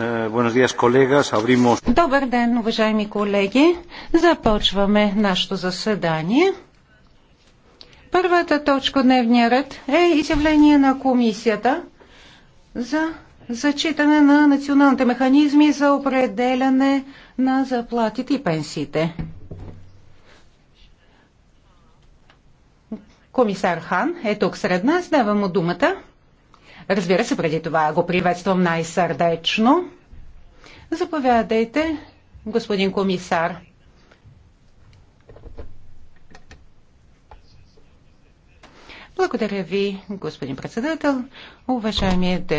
Eh, Добър ден, уважаеми колеги. Започваме нашето заседание. Първата точка дневния ред е изявление на комисията за зачитане на националните механизми за определяне на заплатите и пенсиите. Комисар Хан е тук сред нас. Давам му думата. Разбира се, преди това го приветствам най-сърдечно. Заповядайте, господин комисар. Благодаря ви, господин председател. Уважаеми депутати,